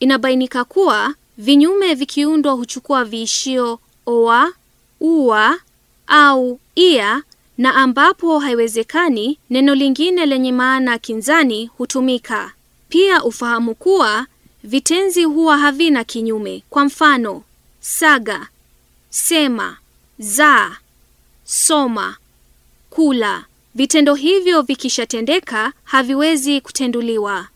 Inabainika kuwa vinyume vikiundwa huchukua viishio oa, ua au ia na ambapo haiwezekani neno lingine lenye maana kinzani hutumika. Pia ufahamu kuwa vitenzi huwa havina kinyume. Kwa mfano, saga, sema, zaa, soma, kula. Vitendo hivyo vikishatendeka haviwezi kutenduliwa.